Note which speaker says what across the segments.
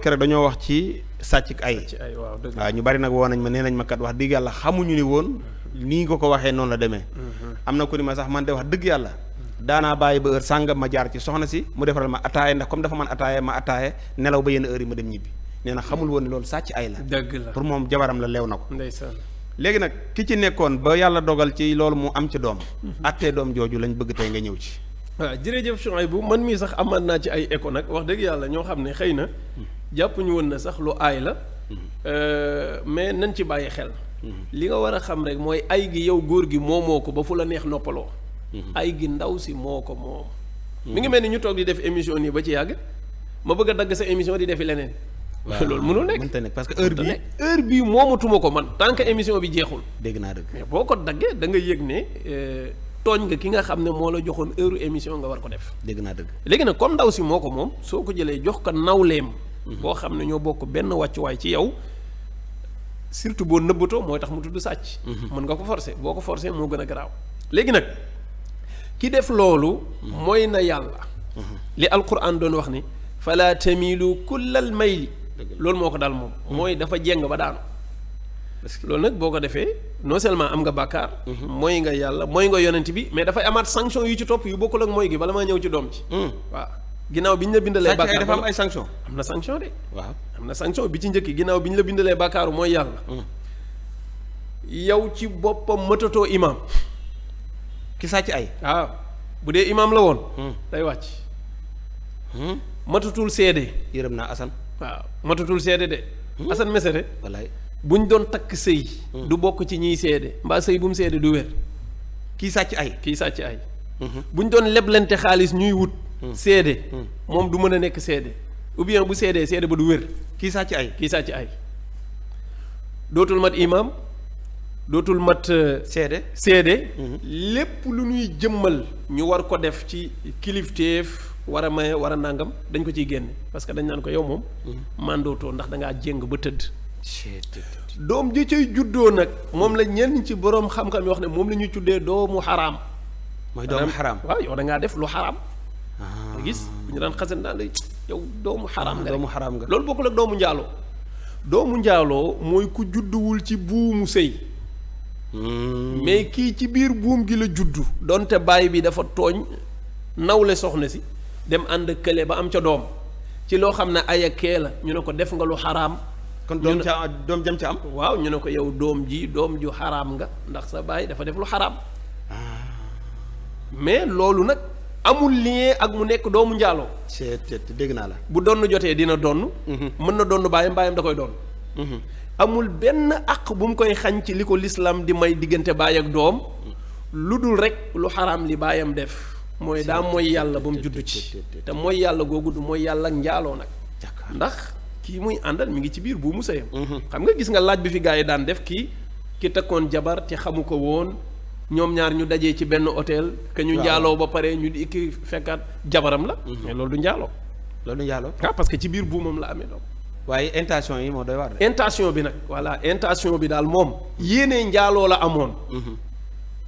Speaker 1: keroog dañoo wax ci sàcc ay waaw ñu bari nag woo nañ ma nee nañ ma kat wax dëgg yàlla xamuñu ni woon nii nga ko waxee noonu la demee mhm. am na ku ni ma sax man de wax dëgg yàlla daanaa bàyyi ba heure jaar ci soxna si mu defaral ma ataaye ndax comme dafa man ataaye ma ataaye nelaw ba yenn heure yi dem ñibbi nee na xamul woon ni loolu sàcc ay la pour moom jabaram la leew na ko léegi nag ki ci nekkoon ba yàlla dogal ci loolu mu am ci doom mhm. attee doom jooju lañ bëgg tey nga ñëw ci
Speaker 2: ah, jërëjëf man mii sax amaat naa ci ay écho nag wax dëgg yàlla ñoo xam ne xëy na hmm. jàpp ñu woon na sax lu aay la euh, mais nañ ci bàyyi xel li nga war a xam rek mooy ay gi yow góor gi moomoo ko ba fu la neex noppaloo ay gi ndaw si moo ko moom mu ngi mel ni ñu toog di def émission nii ba ci yàgg ma bëgg dagg sa émission di defi leneen waaw loolu mënul
Speaker 1: nekk parce que heure bii
Speaker 2: heure bi moomatuma ko man tant que émission bi jeexul.
Speaker 1: dégg naa dëgg
Speaker 2: boo ko daggee danga yéeg yëg ne euh, tooñ nga ki nga xam ne moo la joxoon heure émission nga war ko def. dégg naa dëgg léegi nag comme ndaw si moo ko moom soo jëlee jox ko nawleem. Mhm. boo xam ne ñoo bokk benn wàccuwaay ci yow surtout boo nëbbatoo mooy tax mu tudd sàcc mhm. mën nga ko forcer boo ko forcer moo gën a garaaw léegi nag ki def loolu mhm. mooy na yàlla li alquran doon wax ni mii lu fala tamilu kullal mayli loolu moo ko daal moom mooy dafa jeng ba daanu loolu nag boo ko defee non seulement am nga bàkkaar mooy nga yàlla mooy nga yonent bi mais dafay amaat sanction yu ci topp yu bokkul ak mooy gi bala maa ñëw ci doom ci ginnaaw bi ñu la bindalee. bàkkaar ay sanction am na sanction de. waaw am na sanction bi ci njëkk ginnaaw ñu la bindalee bàkkaaru mooy yàlla. Mm. yow ci boppam mëtatoo imaam. ki sàcc ay. waaw ah, bu dee imaam la woon. Mm. day wàcc. Mm. matatul seede. yërëm naa Assane. waaw matatul seede de. Assane Mesere. wallaay buñ doon takk sëy. du bokk ci ñiy seede mbaa sëy bu mu seede du wér. kii sàcc ay kii sàcc ay. Mm-hmm. buñ doon leblante xaalis ñuy wut. Hmm. seede hmm. moom du mën a nekk seede ou bien bu seedee seede ba du wér kii sàcc ay kii sàcc ay dootul mat imaam dootul mat euh, seede seede hmm. lépp lu ñuy jëmmal ñu war ko def ci kilifteef war a maye war a nàngam dañ ko ci génne parce que dañ naan ko yow moom mandootoo ndax da ngaa jéng ba tëdd doom ji juddoo nag moom la ñenn ci boroom xam-xam yi wax ne moom la ñuy tuddee doomu xaraam
Speaker 1: mooy doomu xaraam waaw
Speaker 2: yow dangaa ngaa def lu xaraam gis bu ñu daan xasan naan la yow doomu xaraam nga doomu xaraam nga loolu bokkul ak doomu njaaloo doomu njaaloo mooy ku judduwul ci buumu sëy hmm. mais kii ci biir buum gi la juddu donte baay bi dafa tooñ nawle soxna si dem ànd kële ba am ca doom ci loo xam ne ay la ñu ne ko def nga lu xaraam kon doom ca doom jam ca am waaw ñu ne ko yow doom ji doom ju xaraam nga ndax sa baay dafa def lu xaraam ah. mais loolu nag amul lien ak mu nekk doomu njaaloo c'est dégg naa la bu donn jotee dina donn mhm. mën na donn bàyyam bàyyam da koy donn mhm. amul benn àq bu mu koy xañ ci li ko lislaam di may diggante baay ak doom lu dul rek lu xaraam li baayam def mooy daa mooy yàlla ba mu juddu ci te mooy yàlla googu du mooy yàlla ak njaaloo nag ndax kii muy àndal mu ngi ci biir bu mu sëyam mhm. xam nga gis nga laaj bi fi gars yi daan def kii ki takkoon jabar te xamu ko woon ñoom ñaar ñu dajee ci benn hôtel. que ñu njaaloo ba pare ñu di ikki fekkaat jabaram la. Mhm. loolu du njaaloo. loolu du njaaloo ah parce que ci biir buumam la amee doom. waaye intention yi moo doy waar de. intention bi nag voilà intention bi daal moom. yéenee njaaloo la amoon. Mhm.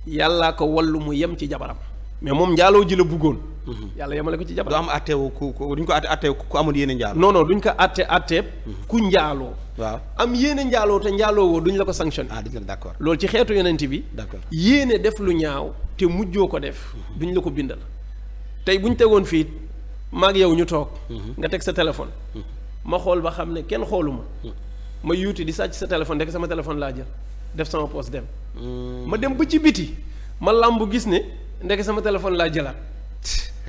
Speaker 2: yàllaa ko wallu mu yem ci jabaram. mais moom njaaloo ji la buggoon. Mhm. yàlla yemale ko ci jabar du am atteewu ku duñ ko atte atteew ku amul yéene njaaloo non non duñ ko atte atteeb ku njaaloo waaw am yéene njaaloo te njaaloo woo duñ la ko sanctionné ah duñ la d'accord loolu ci xeetu yonent bi d'accord yéene def lu ñaaw te mujjoo ko def mhm. duñ la ko bindal tey buñ tegoon fii maag yow ñu toog mhm. nga teg sa téléphone ma xool ba xam ne kenn xooluma ma yuuti di sàcc sa téléphone rek sama téléphone laa jël def sama poos dem mm. ma dem ba ci biti ma làmb gis ne ndeke sama téléphone laa jëlaat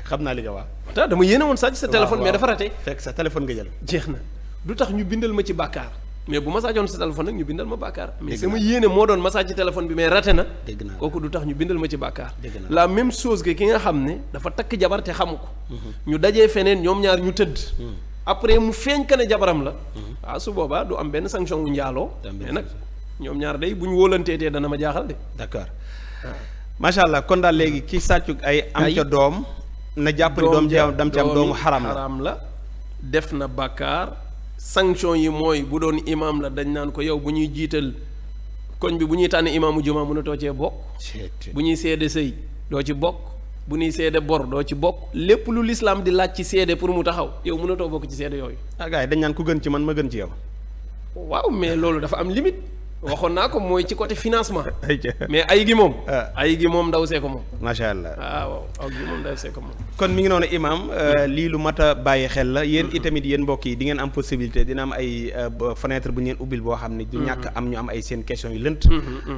Speaker 2: xam naa li nga wax. dama yéene woon sàcc sa téléphone mais dafa raté.
Speaker 1: fekk sa téléphone nga jël. jeex na
Speaker 2: du tax ñu bindal ma ci bàkkaar mais bu ma sàccoon sa téléphone nag ñu bindal ma bàkkaar. mais sama yéene moo doon ma sàcc téléphone bi mais raté na. dégg tax ñu bindal ma ci bàkkaar. la même chose que ki nga xam ne dafa takk jabar xamu ko. Mhm. ñu dajee feneen ñoom ñaar ñu tëdd. Mhm. après mu feeñ ka ne jabaram la. Mhm. ah su boobaa du am benn sanction wu njaaloo. mais nag ñaar day bu ñu wóolanteetee
Speaker 1: dana ma jaaxal de. d'accord allah kon daal léegi ki sàccu ay am ca doom na jàppale ni doom ja dam ci am doomu xaram
Speaker 2: la def na bàkkaar sanction yi mooy bu doon imaam la dañ naan ko yow bu ñuy jiital koñ bi bu ñuy tànn imaamu juma mënatoo cee bokk bu ñuy seede sëy doo ci bokk bu nuy seede bor doo ci bokk lépp lu lislaam di laaj ci seede pour mu taxaw yow mënatoo bokk ci seede yooyu
Speaker 1: ah gars dañ naan ku gën ci man ma gën ci yow
Speaker 2: waaw mais loolu dafa am limite waxoon naa ko mooy ci côté financement.
Speaker 1: mais ay gi moom. Ah. ay gi moom ndaw see ko moom. macha allah ah waaw ay gi moom ndaw see ko moom. kon mi ngi noonu imaam euh, hmm. lii lu mat a bàyyi xel la yéen hmm. itamit yéen mbokk yi di ngeen am possibilité dina am ay euh, fenêtre bu ñu leen ubbil boo xam ne. du hmm. ñàkk am ñu am ay seen question yu lënt.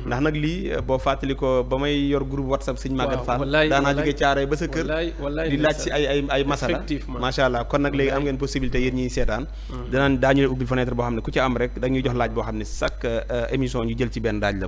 Speaker 1: ndax nag lii euh, boo fàttali ko ba may yor groupe whatsapp sëñ Maguette Fall. wallaay wallaay daanaa jóge caaray ba sa kër. di laaj si ay ay ay macha allah kon nag léegi am ngeen possibilité yéen ñiy seetaan. danaan daañu leen ubbil fenêtre boo xam ne ku ci am rek dañuy jox laaj boo xam ne chaque émission ñu jël ci benn daaj la